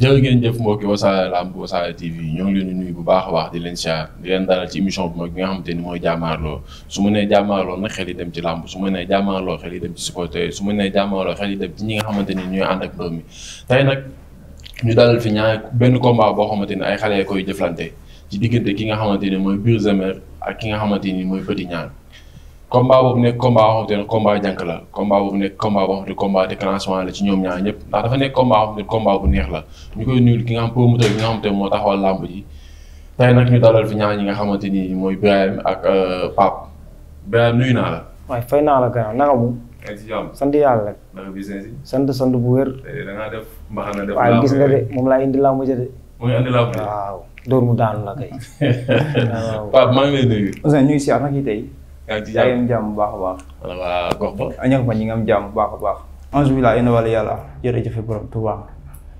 jël ngeen jëf mbokki wasaare lamb wasaare TV ñoo leen di nuyu bu baax a baax di leen siyaar di leen dalal ci émission bu mag bi nga xamante ni mooy jàmmaarloo su ma nee jàmmaarloo nag xel yi dem ci làmb su ma nee jàmmaarloo xel yi dem ci su ma nee jàmmaarloo xel yi dem ci ñi nga xamante ni ñooy ànd ak doom mi tey nag ñu dalal fi ñaar benn combat boo xamante ni ay xale koy jëflante ci diggante ki nga xamante ni mooy biir de ak ki nga xamante ni mooy Petit Niang combat boobu nekk combat boo xamante ne combat la combat boobu nekk combat boo xamante ne combat déclenchement la ci ñoom ñaar ñëpp ndax dafa nekk combat boo xamante ne combat bu neex la ñu koy nuyu ki nga xam promoteur bi nga xamante ne moo taxawal ñi nga xamante ni mooy ak euh, Pape Birahim nuyu naa la. waaye fay naa sant yàlla rek. naka sant bu wér. Eh, da ngaa def mbaxana def. de moom laa indi làmb ji de. la kay. Pape maa ngi nuyu. si ak yi tey yaa ngi am jàmm bu baax a baax. wala waa gox ba. añak ba ñi nga am jàmm bu baax a baax. ange bi laa yéen yàlla jërëjëf borom Tuubaa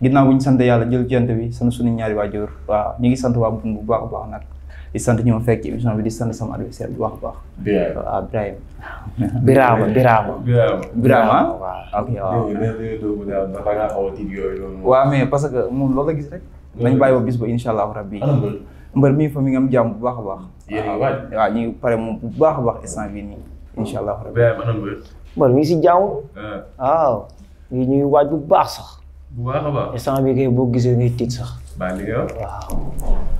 ginnaaw bu ñu sant yàlla jël jant bi sant suñu ñaari waajur waaw ñu ngi sant waa Bun bu baax baax nag di sant ñoom fekk émission bi di sant sama adversaire bu baax a baax. waaw Birame. Birama Birama. Birama ah? waaw. Ah, ok waaw. waaw mais parce que moom loolu la gis rek. nañ bàyyi ba bis ba rabbi mbër mii fa mi ngi am jàmm bu baax a baax. yéen a ngi waaw ñu pare moom bu baax a baax instant bi nii incha allah. mbër mi ngi si jàmm. Ah. waaw ñu ngi waaj bu baax sax. bu baax a baax instant bii boo gisee ngay tiit sax. baax na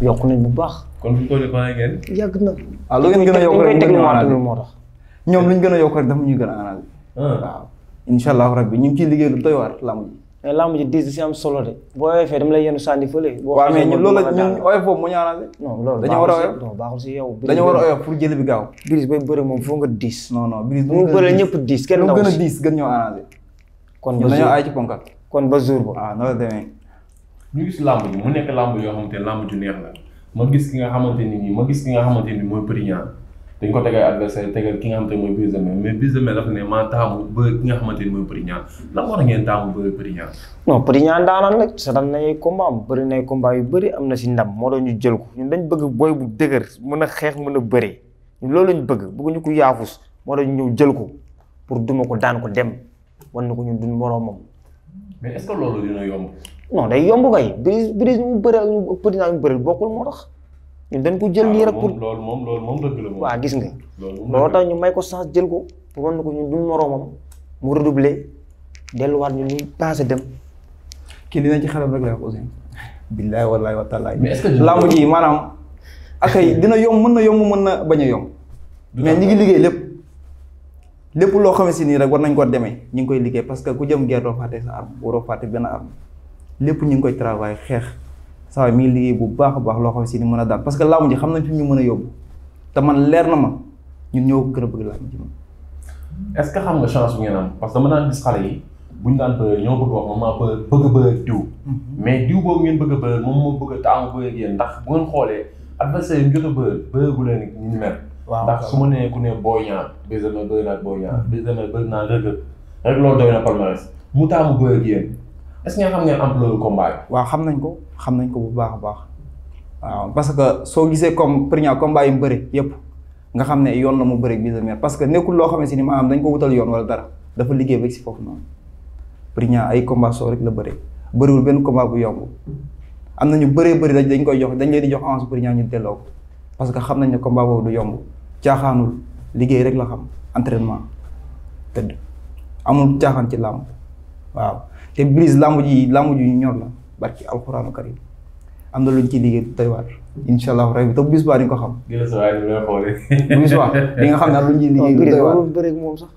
nañ bu baax. kon fu mu toll nii ngeen. yàgg na. waaw ah, lu ngeen gën a yokk rek ñu gën moo tax. ñoom lu gën a yokk rek dafa ñuy gën a anal. Ah. waaw incha allah rabbi ñu ngi ciy liggéey lu doy waar lamb mais làmb ji si am solo de boo oyofee dama lay yenu sànni fële. boo xam ne loolu la ñun oyof boobu moo ñu arrangé. non war a oyof non baaxul si yow. dañoo war a oyof pour jëli bi gaaw. Brise bay bëre moom foo nga diis. non non Brise mu ñëpp diis kenn ndaw si a diis gën kon ba dañoo ay ci ponkal. kon ba jour ba. ah la demee. ñu gis làmb mu nekk làmb yoo xamante ne làmb neex la ma gis ki nga xamante ni ma gis ki nga xamante ni mooy Petit Niang dañ ko tegal adversaire tegal ki nga xamante ne mooy Brise de Mer mais Brise de Mer dafa ngeen taamu bëri Petit Niang non Petit Niang yu bëri am na si ndam moo doon ñu jël ko ñun dañ bëgg boy bu dëgër mën xeex mën a bëree ñun loolu lañ bëgg bëgguñu ko yaafus moo doon ñëw jël ko pour duma ko daan ko dem wan na ko ñu duñ moroomam mais est-ce que loolu dina yomb non day yomb kay Brise Brise ñu bëri ak Petit Niang ñu bëri bokkul moo tax ñun dañ ko jël lii rek ah, pour loolu moom loolu moom dëgg la waaw gis nga loolu tax ñu may ko chance jël ko pour na ko ñun duñ moroomam mu redoubler delluwaat ñu ñuy passé dem kii dina ci xelam rek la wax aussi billaay wallaay wa taalaay làmb ji maanaam akay dina yom mën na yomb mën na bañ a yomb mais ñi ngi liggéey lépp lépp loo xamante si nii rek war nañ koo demee ñu ngi koy liggéey parce que ku jëm guerre doo fàtte sa arme waroo fàtte benn am lépp ñu ngi koy travail xeex saa yi liggéey bu baax a baax loo xam si ni mën a daan parce que laamu ji xam nañ fi ñu mën a yóbbu te man leer na ma ñu ñëw ko gën a bëgg laamu ji moom. est-ce que xam nga chance bu ngeen am parce que dama daan gis xale yi buñ daan bëre ñoo bëgg wax bëgg a bëre diw. Mm-hmm. mais diw boobu ngeen bëgg a bëre bëgg a taamu yéen ndax bu ngeen xoolee adversaire yi mu jot a bëre bëre gu waaw ndax su ma nee ku ne Boy Niang naa Boy Niang rek loolu doy na palmarès mu taamu bëre ak yéen est-ce que nga xam ngeen ampleur combat bi. waaw xam nañ ko xam nañ ko bu baax a baax waaw parce que soo gisee comme première combat mu bëri yëpp nga xam ne yoon la mu bëri bi la parce que nekkul loo xamante ni maanaam dañ ko wutal yoon wala dara dafa liggéey ba si foofu noonu ay combat rek la bëri bëriwul benn combat bu yomb am na ñu bëree bëri dañ koy jox dañ leen di jox avance première ñu delloo parce que xam nañ ne combat boobu du yomb caaxaanul liggéey rek la xam entraînement tëdd amul caaxaan ci làmb waaw. te Brise lamb ji lamb ji ñor la barki alxuraanu karim am na luñ ciy liggéey doy waar incha allah rabi te bis baa di nga ko xam. bis baa di nga xam ne luñ ciy liggéey doy waar. waroon bëreeg moom sax.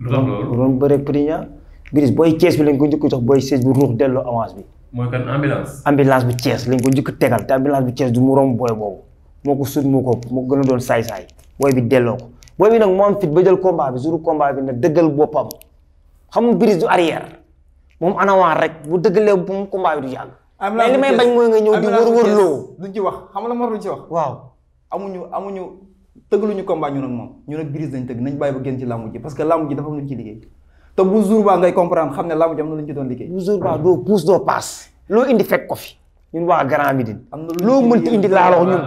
lu tax loolu waroon bëreeg Priña. Brise booy Thiès bi lañ ko njëkk a jox booy Thiès bu ruux delloo avance bi. mooy kan ambulance. ambulance bu Thiès lañ ko njëkk tegal te ambulance bu Thiès du mu romb booy boobu moo ko sut mu ko moo gën a doon saay-saay booy bi delloo ko booy bi nag moo am fit ba jël combat bi jour combat bi nag dëggal boppam xam Brise du arrière moom anawaar rek bu dëgg bu mu combat bi du yàgg. mais li may bañ mooy nga ñëw di wër-wër loo. duñ ci wax xam la moo duñ ci wax. waaw amuñu amuñu tëggaluñu combat ñun ak moom ñun ak Brise lañ tëgg nañ bàyyi ba génn ci làmb ji parce que làmb ji dafa am lu ñu liggéey te bu jour ba ngay comprendre xam ne làmb ji am na lu ñu doon liggéey. bu jour ba doo puus doo paas loo indi fekk ko fi. ñun waa Grand Médine. am na loo mënti indi laalox ñun.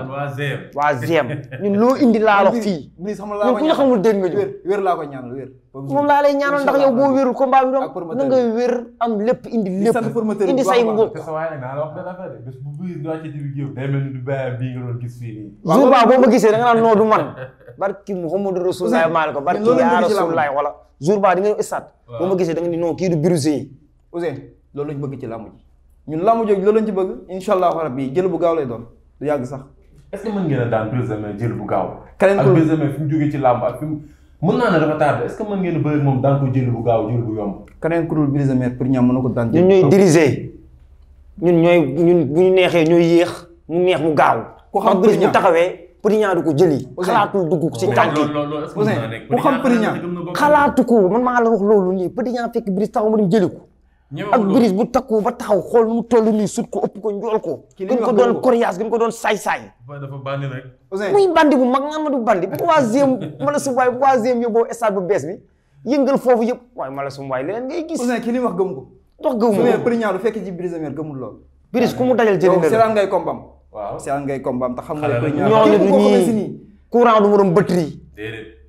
waa Zem ñun loo indi laalox fii. ñun ku ñu xamul dégg nga ñu. wér laa ko ñaanal wér. moom laa lay ñaanal ndax yow boo wérul combat bi doon na nga wér am lépp indi lépp indi say mbokk. jour ba boo ma gisee da nga naan noo du man. barki Muhammadu Rasulullah maa ko barki yaa Rasulullah wala jour ba di nga sat boo ma gisee da nga ni non kii du Bruce Ousseyn loolu lañ bëgg ci làmb ñun làmb jooju loolu lañ ci bëgg incha allahu rabbi jël bu gaaw lay doon du yàgg sax. est ce que mën ngeen a daan Brise de Mer jël bu gaaw. keneen ak Brise de Mer fi mu jógee ci làmb ak fi mu mën naa ne dafa tardé est ce que mën ngeen a bëri moom daan ko jël bu gaaw jël bu yomb. keneen ku dul Brise de Mer pour ñam mën na ko daan. ñun ñooy diriger ñun ñooy ñun bu ñu neexee ñooy yéex mu neex mu gaaw. ku xam Brise bu taxawee. Prignan du ko jëli. xalaatul dugg ci tànk yi. ku xam Prignan xalaatu ko man maa la wax loolu nii Prignan fekk Brise taxaw ma dem jëli ko ak brise bu takku ba taxaw xool mu toll nii sut ko ëpp ko njool ko. gën ko doon coriace gën ko doon saay-saay. dafa bandi rek. muy bandi bu mag Amadou Bandi troisième Malasum waay troisième yóbboo stade bu bees bi yëngal foofu yëpp waaye Malasum waay leneen ngay gis. Ousseyn ki li wax gëm ko. wax gëm ko mais pour ñaar bu fekkee ci brise mer gëmul mu dajal jëlee na ngay kombam. waaw seetaan ngay xam nga. ñooñu du ñii courant du mu doon batterie.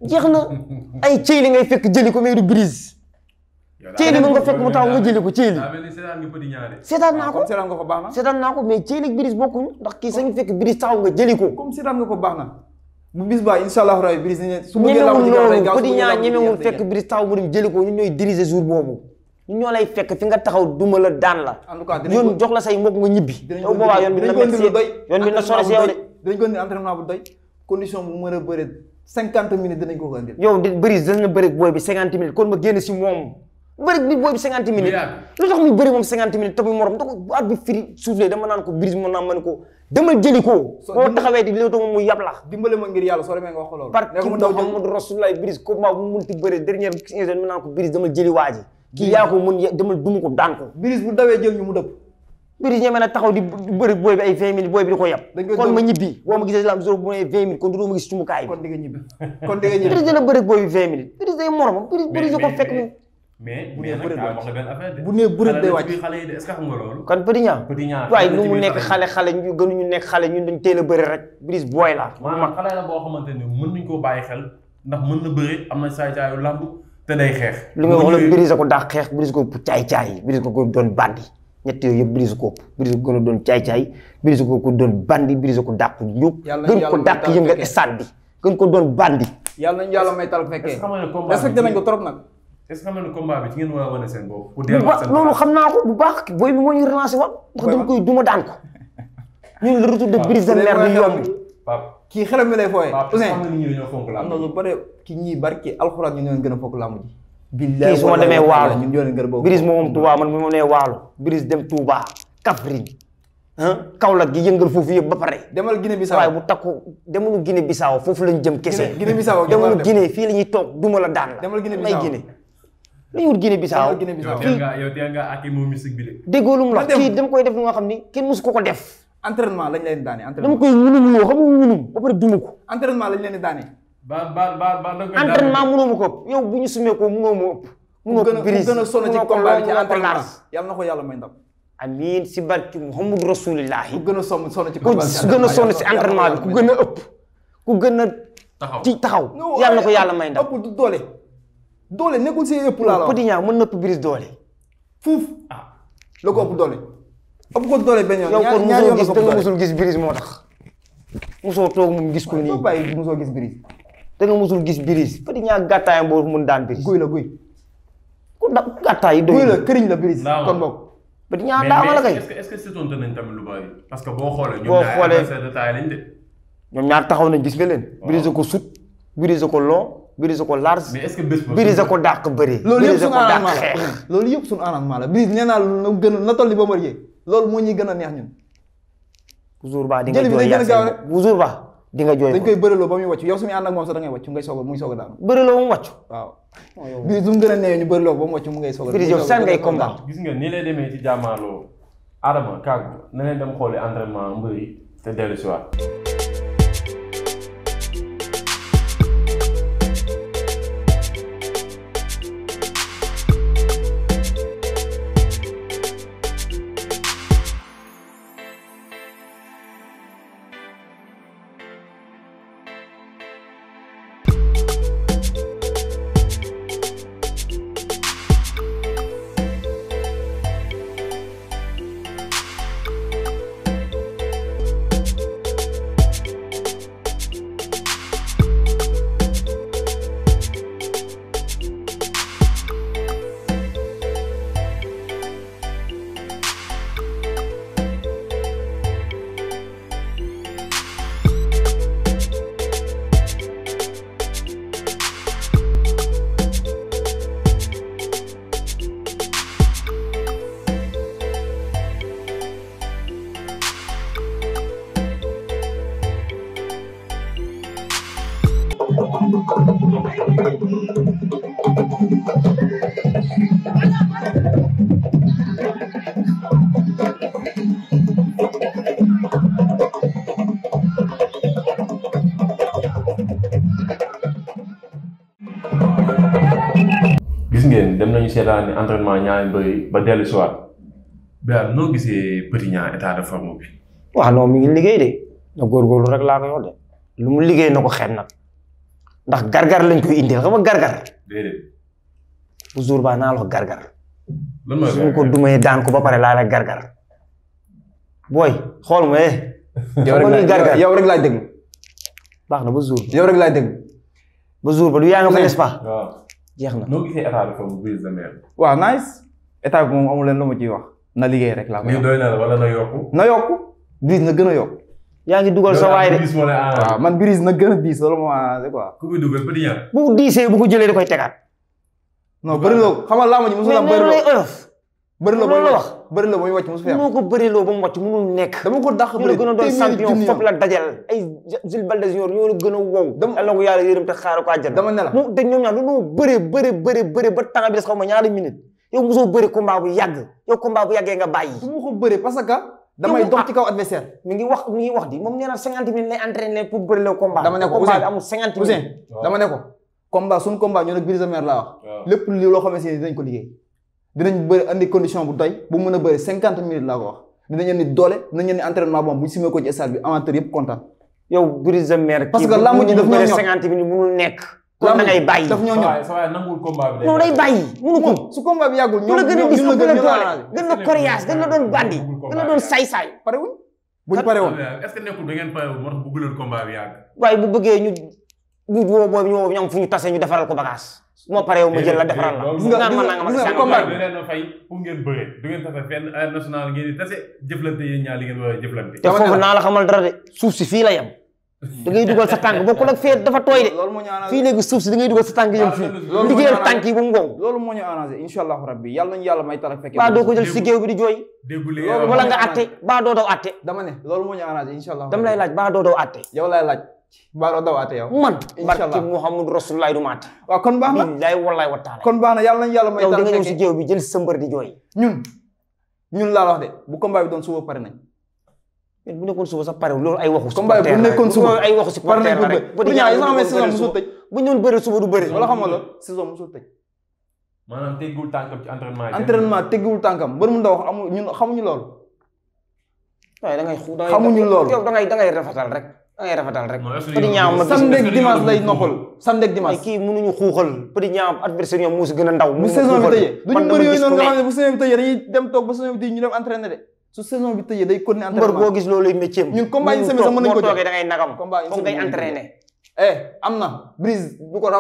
jeex na ay cëy li ngay fekk jëli ko mais du brise Thiéli mën nga fekk mu taw nga jëli ko Thiéli seetaan naa ah, ko seetaan naa ko mais Thiéli Brice bokkuñu ndax kii sañ fekk Brice taxaw nga jëli ko comme seetaan nga ko boobu ñun ñoo lay fekk fi nga taxaw duma la daan la en tout cas yoon jox la say mbokk nga ñibbi yoon bi na metti yoon bi na sore si de dañ ko indi entraînement bu doy condition bu mën a bëre cinquante minutes bi cinquante si moom bëri bi bi cinquante minutes lu tax muy bëri moom cinquante minutes te morom da ko bu at bi firi soufflé dama naan ko brise mën naa mën ko dama jëli ko mu yab la dimbale ma ngir yàlla naan ko brise dama jëli waa ji kii yaa ko mën ko daan ko brise bu dawee jël mu dëpp brise ñeme na taxaw di bëri booy bi ay vingt mille booy bi la am zéro bu ne vingt mille kon du ma gis sumukaay bi mais bu dee bëri wax la benn affaire bu dee bëri day wàcc xale yi de est-ce que xam nga loolu mu nekk xale xale ñu gënuñu nekk xale ñun dañ teel a bëri rek Brice booy la maanaam xamante ni mën nañ koo bàyyi xel ndax mën na bëri am na saay-saayu làmb te day xeex li nga wax la Brice a ko daax xeex Brice ko ëpp caay-caay Brice ko ko doon bandi ñett yooyu yëpp Brice ko ëpp Brice ko gën a doon caay-caay Brice ko ko doon ko dàq jóg gën ko dàq yëngal bi gën ko doon bandi yàlla nañu yàlla may tal fekkee respecté nañ ko trop nag est-ce a wane seen bopp. loolu xam naa ko bu baax booy bi moo ñu relancé wax ndax dama koy duma daan ko. ñun le retour de brise de mer bi yomb. kii xelam mi lay fooyee. Ousseyn am na lu bare ki ñii barki alxuraan ñu leen gën a fokk laamu ji. billahi su ma demee waalo ñun ñoo leen gën a bokk. brise moom Touba man moom nee waalo brise dem Touba Kaffrine Kaolack gi yëngal foofu yëpp ba pare. demal Guinée Bissau waaye bu takku demalu Guinée Bissau foofu lañ jëm kese. Guinée Bissau demalu Guinée fii la ñuy toog duma la daan la. demal Guinée Bissau may Guinée dañu wut Guinée Bissau Guinée Bissau yow teel nga koy def lu nga xam ni kenn mosu ko ko def entraînement lañ leen daane dama koy munum loo xam nga munum ba pare duma ko entraînement lañ leen daane ba ba ba ko ëpp bu ñu sumee ko munoo ma ëpp munoo ko brise gën a sonn ci combat bi ci entraînement yàlla na ko yàlla may ndam amiin si barki Muhammad Rasulullah ku gën a sonn sonn ci combat bi ku gën a sonn si entraînement bi ku gën a gën a ci taxaw yàlla na ko yàlla may ndam ëpp du doole nekkul si yëpp laa la wax Petit Niang mën na Brice doole. fuuf ah la ko ëpp doole. ëpp ko doole benn yoon ñaar ñaar yoon la ko ëpp kon gis Brice moo tax. musoo toog moom gis ko nii waaw bàyyi musoo gis Brice. da nga musul gis Brice Petit Niang gàttaayam boo mun daan Brice. guy la guy. ku da gàttaay doy guy la këriñ la Brice. kon boog. Petit Niang daama la kay mais nañ tamit parce que boo xoolee. boo ñaar taxaw nañ gis nga leen. Brice ko sut Brice ko long Brise ko large. mais est-ce ko dàq bëri. loolu yëpp suñu arrangement la loolu yëpp suñu arrangement naa na gën na toll li loolu moo ñuy gën a neex ñun. ba di nga jooy yàq toujours ba di nga jooy dañ koy bëreloo ba muy wàcc yow suñu ànd ak moom sax da ngay ngay soog a mu ngi soog a daanu. bëreloo mu wàcc. waaw oh, Brise du mu gën a neex ñu bëreloo ba mu wàcc mu ngay soog a. Brise yow sànni ngay combat. gis nga ni lay demee ci jàmmaarloo Adama Kaagu na leen dem xooli entraînement mbëri te seetaan ni entraînement ñaari ba dellu si waat Birame noo gisee Petit bi. waaw mi ngi liggéey de na góorgóorlu rek laa koy wax de lu mu liggéey na ko xeeb nag ndax gargar lañ koy indil xam nga naa la wax gargar. lan mooy ma ko ba pare laa la gargar. booy xool ma eh. yow rek laay gargar yow rek na ba jour. ba du yaa nga fa n'est-ce jeex na. noo gisee état bi foofu brise de mer. waaw nice état bi moom lu ma ciy wax. na liggéey rek laa koy wax. lii doy na la wala na yokku. na na gën a yokku. yaa ngi dugal sa waay de man brise na gën a diis loolu moo arrangé quoi. bu diisee bu jëlee da koy tegaat. non bëri na xamal laa ma ñu mosul am bëri bëri la booy wax bëri ko bëriloo ba mu wàcc mënul nekk. dama ko dàq bëri gën a doon champion fop la dajal. ay Jules Baldé Junior ñoo a wow. dama yàgg yow combat bu yàggee nga bàyyi. du ma ko bëri parce que. damay dox ah ci kaw adversaire. mi ngi wax mi ngi wax di moom nee na cinquante minutes lay entraîné pour bëri le combat. dama ne dama ne ko combat suñu combat ñoo nag Brise de Mer laa wax lépp li loo xamante ne dinañ ko liggéey dinañ bëri andi condition bu doy bu mën a bëri cinquante minutes laa ko wax dinañ andi doole dinañ andi entraînement boobu bu ñu simee ko ci stade bi amateur yëpp kontaan. yow Brise parce que lamb ji daf ñoo ñor cinquante ko. su combat bi yàggul ñoom ñoom ñu la gën a doole gën la nekkul da ngeen pare woon bu bëggee combat bi yàgg. waaye bu bëggee ñu bu boobu ñu am fu ñu tasee ñu defaral ko bagage su ma paree ma jël la defaral la. gis nga gis nga combat bi leen fay pour ngeen bëree du ngeen tafe fenn arène nationale ngeen di tase jëflante yéen ñaar li ngeen war a jëflante. te foofu naa la xamal dara de suuf si fii la yem. da ngay dugal sa tànk bokkul ak fee dafa tooy de fii léegi suuf si da ngay dugal sa tànk yëm fii liggéeyal tànk yi bu mu ngoow loolu moo ñu arrangé incha allahu rabbi yàlla nañu yàlla may tara fekkee baa doo ko jël si géew bi di jooy loolu wala nga atte baa doo daw atte dama ne loolu moo ñu arrangé incha allah dama lay laaj baa doo daw atte yow lay laaj baaroo dawaate yow man barke Muhammadu Rasulullah du maata waaw kon baax na billaay wallaay wa taala kon baax na yàlla nañ yàlla may yow da nga ñëw si géew bi jël sa mbër di jooy ñun ñun laa wax de bu combat bi doon suba pare nañ bu nekkoon suba sax pare loolu ay waxu combat bi bu nekkoon suba ay waxu si pare nañ bu ñaay sama saison musul tëj bu ñëwoon bëri suba du bëri wala xam nga la saison musul tëj maanaam teggiwul tànkam ci entraînement entraînement teggiwul tànkam mbër mu ndaw wax amul ñun xamuñu loolu waaye da ngay xamuñu loolu yow da ngay da ngay rafetal rek da ngay rek. petit ñaam samedi ak dimanche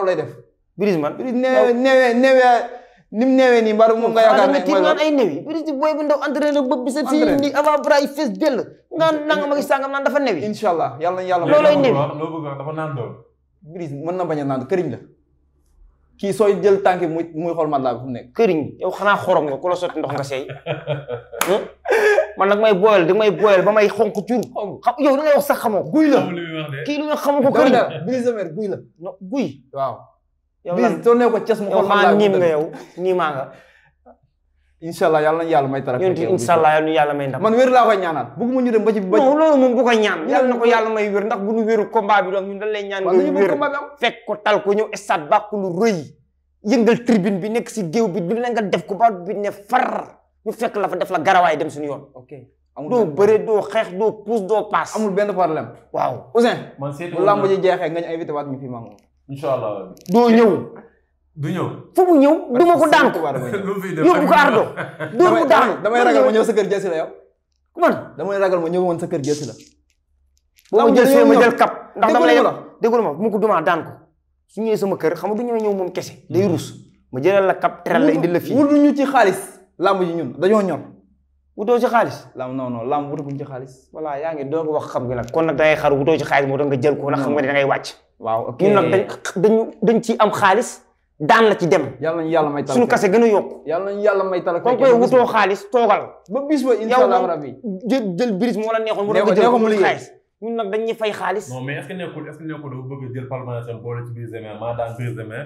lay eh, a ni mu newee nii mbaaru moom nga yaakaar ne mooy loolu ay newi bu di booy bu ndaw entraîneur bëb bi sa si ni avant bras yi fees dell nga dafa newi incha allah yàlla na yàlla looloy newi dafa naan dool Brice na bañ a naan këriñ la kii sooy jël tànk muy muy xool mat laa bi fu mu nekk këriñ yow xanaa xorom nga ku la sotti ndox nga seey hmm? man nag may booyal di may ba may xonk jur xam yow da ngay wax sax xamoo guy la kii lu ñu xamoo ko këriñ Brise guy waaw yow ko cas mu ko xam laa niim nga yow yàlla may tara yonent incha allah yàlla may ndam man wér laa koy ñaanal bëgguma ñu dem ba ci ba non loolu moom ko ñaan yàlla na ko yàlla may wér ko tal ko ñëw stade bi nekk si géew bi du la nga def ko ba bi ne far ñu fekk la fa def la garawaay dem suñu yoon ok doo bëre doo xeex doo puus doo paas amul benn problème waaw Ouzin bu lamb ji jeexee nga ñu invité waat ñu fii maa incha allah doo ñëw. du ñëw fu mu ñëw du ma ko daan ko. yóbbu ko ardo doo mu daan damay ragal ma ñëw sa kër jësi ku man damay ragal ma ñëw woon sa kër jësi la. boo ma jësee ma jël kap ndax dama lay déglu ma bu ma ko dumaa daan ko su ñëwee sama kër xam nga du ñëwee ñëw moom kese day hmm. ruus ma jëlal la kap teral la indi la fii. wutu ñu ci xaalis làmb ji ñun dañoo ñor. wutoo ci xaalis lam non non lam wutuguñ ci xaalis voilà yaa ngi doog wax xam nga nag kon nag da ngay xaru wutoo ci xaalis moo tax nga jël ko nag xam nga ne da ngay wàcc waaw ok ñun nag dañ dañu dañ ciy am xaalis daan la ci dem. yàlla nañu yàlla may kase gën a yokku. yàlla yàlla may tal koy wutoo xaalis toogal. ba bis ba incha allah rabi jël biris moo la neexoon. ko nee ko mu liggéey ñun nag dañuy fay xaalis. non mais est ce que daan Brise de Mer.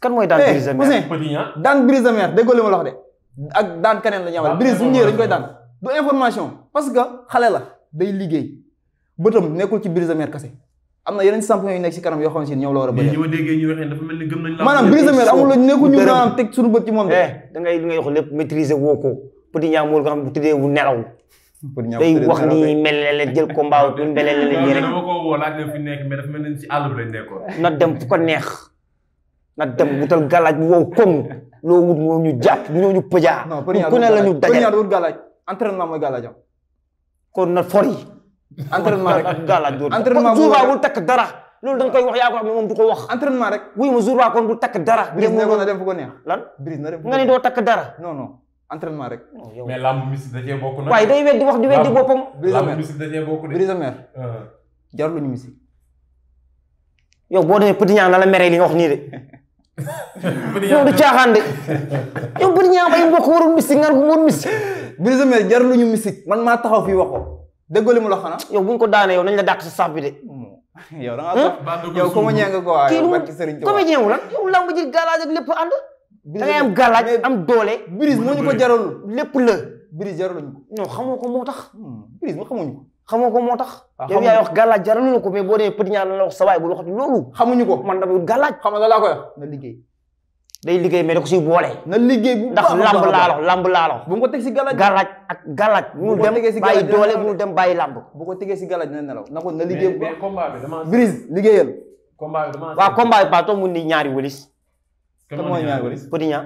kan mooy daan eh, Brise de Mer eh daan Brise la wax de. daan keneen la ñu amal Brise bu ñëwee dañ koy daan du information parce que xale la day liggéey bëtam nekkul ci Brise de kase am na yeneen champion yu nekk ci kanam yoo xam ne ñoom la war a bëri. ñi ma déggee ñu waxee dafa nekku ñu maanaam teg suñu bët ci moom de. Eh, da ngay li ngay wax lépp maîtriser woo ko bu tëddee bu nelaw. day wax ni melele jël combat ko woo laaj na fi mel ni ci àll bi lañ na dem fu ko neex na dem wutal galaaj bu wow comme loo wut moo ñu jàpp ñoo ñu pëjaa. ku ne la ñu dajal entraînement mooy galaajam kon na fori entraînement rek gàllaaj dóor entraînement jour baa bul takk dara loolu da nga koy wax yaa ko xam ne moom du ko wax entraînement rek wuy ma jour baa kon bul takk dara brise nekkoon na dem fu ko neex lan brise na dem nga ni doo takk dara non non entraînement oh, waaye day weddi wax di weddi boppam lamb musique da cee bokk de brise mer euh. jarul ñu musique yow boo demee Petit Niang na la meree li nga wax nii de yow du caaxaan de yow Petit Niang bay mbokk warul musique nga woon musique brise mer jarul ñu musique man maa taxaw fii wax ko déggoo li mu la xanaa. yow bu ñu ko daanee yow nañ la dàq sa saaf bi de. yow da ngaa sax yow comédien nga quoi yow barki Serigne Touba comédien wu lan yow lamb ji galaaj ak lépp ànd. da ngay moo ñu ko jarul lépp la. Brise jaraluñu ko. non ko moo tax. Hmm. Brise ma xamuñu ko. moo tax. Ah, yow yaa wax galaaj jaraluñu ko mais boo dee petit ñaar la wax bu waxati loolu. xamuñu ko man dama galaaj. xam nga laa koy wax na liggéey. day liggéey mais da ko siy boole. na liggéey bu baax ndax lamb laalo lamb laalo. bu ko teg si galaj galaj ak galaj. bu ko tegee doole mu dem bàyyi lamb. bu ko tegee si galaj dina nelaw na ko na liggéey bu baax mais combat bi dama. brise liggéeyal. combat bi dama. waaw combat bi ba toog mu ni ñaari wëlis. kan mooy ñaari wëlis Potignan.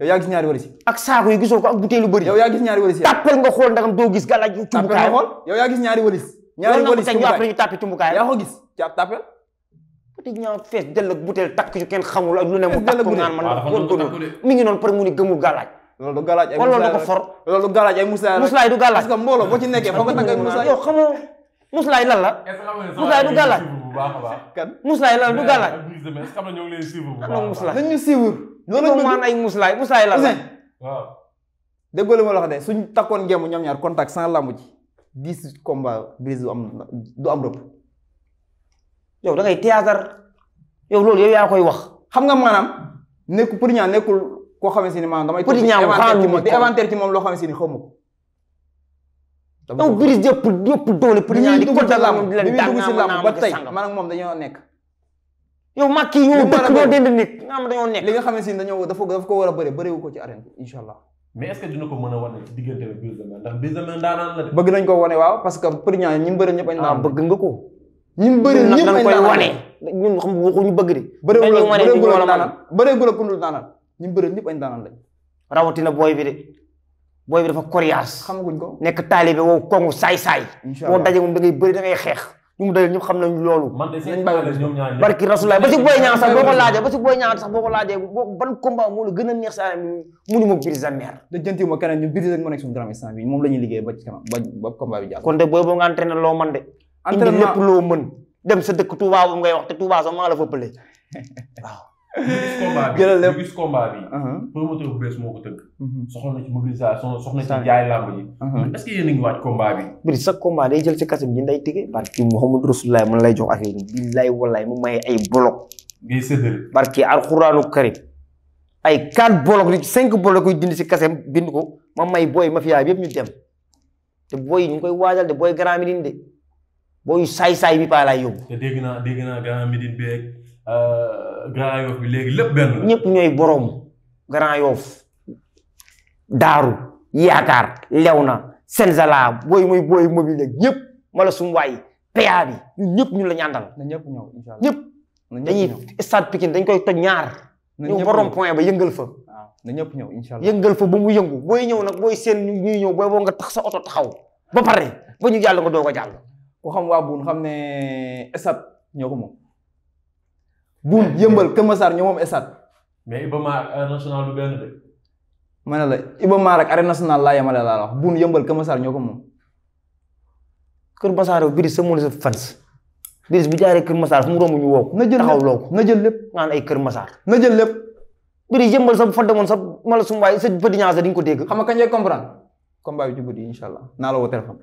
yow yaa gis ñaari wëlis. ak saako yi gisoo ko ak butéelu bëri. yow nga xool ndagam doo gis galaj. tàppal nga xool di ñaaw fees dell ak butéel takk ci kenn xamul ak lu ne mu takk ko naan man ah, dafa góorgóorlu mi ngi noonu pare mu ni gëmul galaaj loolu du galaaj ay muslaay la kon loolu du galaaj ay muslaay la muslaay du galaaj. parce que mbooloo boo ci nekkee foog nga tàgg ay muslaay. yow xamoo muslaay lan la. muslaay du galaaj. kan muslaay la du galaaj. xam nañ ñu suivre. loolu ñu maan ay muslaay muslaay lan la. waaw. déggoo li ma la de suñ takkoon ngeemu ñoom ñaar contact sans lamb ji dix combat brise du am du yow da ngay théâtre yow loolu yow yaa koy wax xam nga maanaam nekku Petit Niang nekkul ko xamee si ni maanaam damay. Petit Niang di inventaire ci moom loo xamee si ni xaw ma ko. dama ko Brise yëpp yëpp doole Petit Niang di ko dalam di moom dañoo nekk. yow mag kii yow dëkk ñoo dend nekk nga xam dañoo nekk. li nga xamante ni dañoo dafa dafa ko war a bëri bëriwu ko ci arène bi incha allah. mais est ce ko mën a wane ci bëgg nañ ko wane waaw parce que Petit Niang ñi mu bëri ñëpp. Ah, bëgg nga ko. ñun bëri ñëpp dañ koy wane ñun bëgg di bëreegul ak bëreegul ak daanaan bëreegul ak kundul daanaan ñun bëri ñëpp ay daanaan lañ booy bi de booy bi dafa nekk taalibe wow kongu saay-saay boo daje moom da ngay bëri da ngay xeex ñu mu dajee ñëpp ko la gën a ma Brise de Mer da ma nekk suñu drame instant moom la liggéey ba ci ba ba bi jàll kon de booy boo nga entraîné loo indi lépp loo mën dem sa dëkk Touba ngay wax te Touba sax maa la fa pële waaw. jëlal lépp gis combat bi uh-huh. promoteur bu bees mm-hmm. uh-huh. jël ci kasam bi day tege. barki Mouhamadou Rasulullah man lay jox affaire yi ngay séddale. dindi si kasam bind ko ma may booy mafia bi yëpp ñu dem te booy ñu ngi koy waajal de booy grand mi de. booy saay-saay bi paa laay yóbbu. te dégg naa dégg naa Grand Médine bi euh, Grand Yoff bi léegi lépp benn la. ñëpp ñooy borom Grand Yoff daaru yaakaar Léona Senzala booy mooy booy mobile ñëpp mala sum waay PA bi ñun ñëpp ñu la ñu àndal. na ñëpp ñëw incha allah ñëpp. dañuy stade Pikine dañ koy toj ñaar. na ñëpp ñëw borom point ba yëngal fa. na ñëpp ñëw incha allah yëngal fa ba mu yëngu booy ñëw nag booy seen ñuy ñëw booy boo nga tax sa oto taxaw ba pare ba ñu jàll nga doog a jàll. ku xam waa buun xam ne esat ñëw ko moom buun yëmbal Kër Masar ñoo moom esat mais Iba la Iba Mar ak arène nationale laa laa wax yëmbal Kër Masar ñoo ko moom. Kër Masar yow Biris sa mu ne fans Biris bu jaaree Kër Masar fu mu romb ñu woo ko. na jël taxaw loo ko na jël lépp naan ay Kër Masar. na jël lépp. Biris yëmbal sa fa demoon sa mala sum waay sa bëri ñaar sa di ko dégg. xam nga kañ lay comprendre. combat bi ci guddi allah naa la woo téléphone.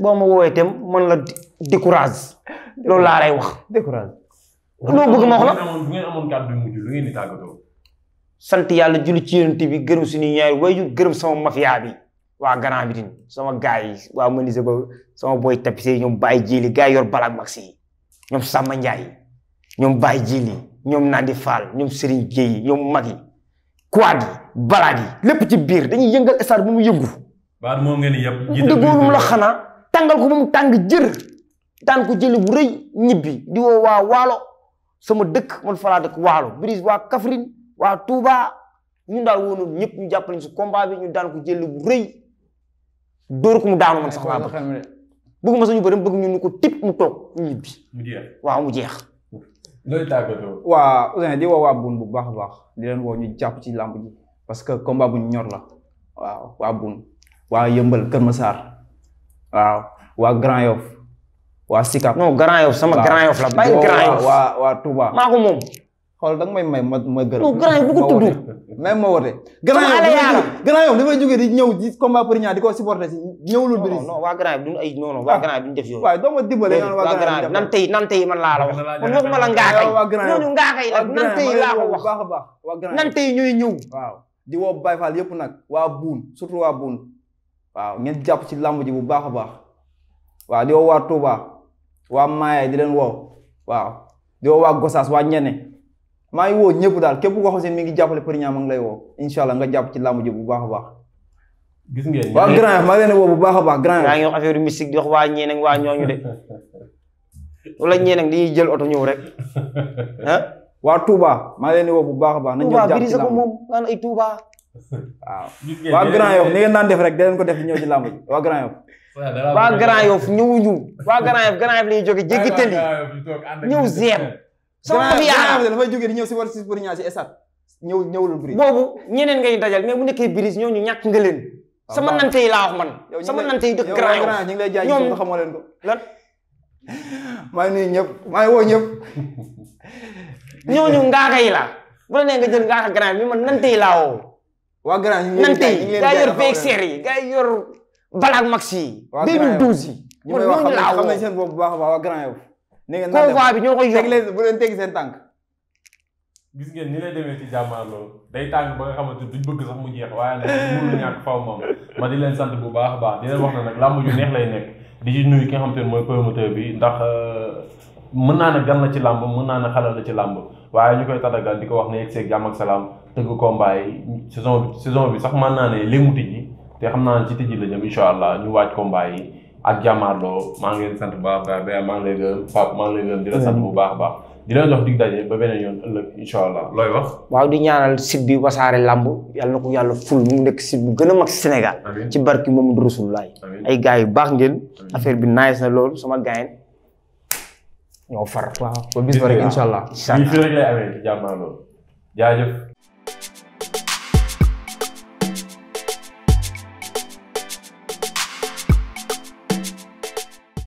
boo ma woowee itam man la décourage loolu laa lay wax. décourage loo bëgg wax la. bu ngeen amoon kàddu mujj lu ngeen di tàggatoo. sant yàlla julli ci yonent bi gërëm suñu ñaari sama mafia bi waa Grand Médine sama gars yi waa Manise ba sama booy tapisé ñoom Baye Jili gars yor balaak maxi yi ñoom Samba Ndiaye ñoom Baye Jili ñoom Nandi Fall ñoom Serigne Gueye ñoom mag yi kuwaat yi lépp ci biir dañuy yëngal stade bu mu yëngu. baal la xanaa. tàngal ko moom tàng jër daan ko jële bu rëy ñibbi di waa waalo sama dëkk man falaa dëkk waalo Brise waa Kaffrine waa Touba ñun daal woonoon ñëpp ñu jàppale si combat ñu daan ko jële bu rëy dóor ko sañu bëri bëgg ñu ni ko tip mu toog ñibbi waaw mu jeex looy bu baax a baax di leen ñu jàpp ci làmb ji parce que combat bu ñor la waaw waa bun waa yëmbal Kër Massar waaw waa Grand Yoff waa Sicap non Grand Yoff sama Grand Yoff la bàyyi Grand waa waa Touba maa ko moom xool da nga may may ma ma gërëm non Grand Yoff bu ko tudd même ma wote Grand Yoff Grand Yoff damay jógee di ñëw ci combat pour ñaar di ko supporter si ñëwul lu bëri waa Grand Yoff duñu ay non waa ah. Grand Yoff duñu def yooyu waaw doo ma dimbale nan tey nan tey man laa la wax man waxuma la ngaakay ñooñu ngaakay la nan a baax nan tey ñooy ñëw di woo Baye Fall yëpp nag waa Buun surtout waa Buun waaw ngeen jàpp ci làmb ji bu baax a baax waaw di woo waa Touba waa Maaya di leen woo waaw di woo waa Gosaas waa ñene maa ngi woo ñëpp daal képp koo xam ne mi ngi jàppale Petit Niang ma ngi lay woo incha allah nga jàpp ci làmb ji bu baax baax. gis ngeen waa Grand Yoff maa ngi leen woo bu baax baax Grand Yoff. yaa ngi wax affaire mystique di wax waa ñee nag waa ñooñu de wala ñee nag dañuy jël oto ñëw rek ah. waa Touba maa ngi leen woo bu baax a baax. nañu jàpp ci làmb Touba bi di sa ko moom waaw. waa Grand Yoff ni ngeen daan def rek da leen ko def ñëw ci làmb ji waa Grand Yoff. waa Grand Yoff ñëwuñu. waa Grand Yoff Grand Yoff la ñuy jógee jéggi tëli ñëw zéem. sama bi yaa dafay jógee di ñëw si war si pour ñaar si esat ñëw ñëwul biri boobu ñeneen ngay dajal mais bu nekkee brise ñooñu ñàkk nga leen. Ah, sama nante yi laa wax man. sama nante yi dëkk Grand Yoff ñu ngi lay jaay ñoom xamoo leen ko lan. maa ngi nuyu ñëpp maa ngi woo ñëpp. ñooñu ngaaka yi la bu la nee nga jël ngaaka Grand Yoff bi man nante yi laa woo waa grand ñu ngi leen di yi gaa yor Balak Max yi. waa grand yow 2012 yi. ñu may wax xam nañ seen bopp bu baax a baax waa grand yow. ne ngeen bi ñoo koy yor leen bu leen teg seen tànk. gis ngeen ni lay demee ci jàmmaarloo day tàng ba nga xamante duñ bëgg sax mu jeex waaye nag mënul ñàkk faw moom ma di leen sant bu baax a baax di leen wax na nag làmb ju neex lay nekk di ci nuyu ki xam xamante mooy mooy promoteur bi ndax. Euh, mën naa ne gan la ci làmb mën naa ne xale la ci làmb waaye ñu koy tatagal di ko wax ne yegg seeg jàmm ak salaam tëgg combat yi saison bi saison bi sax man naa ne léemu tijji te xam naa ne ci tijji la jëm incha allah ñu waaj combat yi ak jàmmaarloo maa ngi leen sant a baax maa ngi sant bu baax a baax di leen jox dig daje ba beneen yoon ëllëg incha allah looy wax. waaw di ñaanal site bi wasaare lamb yàlla na ko yàlla ful mu nekk site bu gën a mag Sénégal. ci barki Mamadou Rasulullah ay gars yu baax ngeen. affaire bi nice na loolu sama gaay ñoo far. waaw ba bis ba rek incha allah. incha allah fii rek lay amee jàmm naa loolu jaajëf.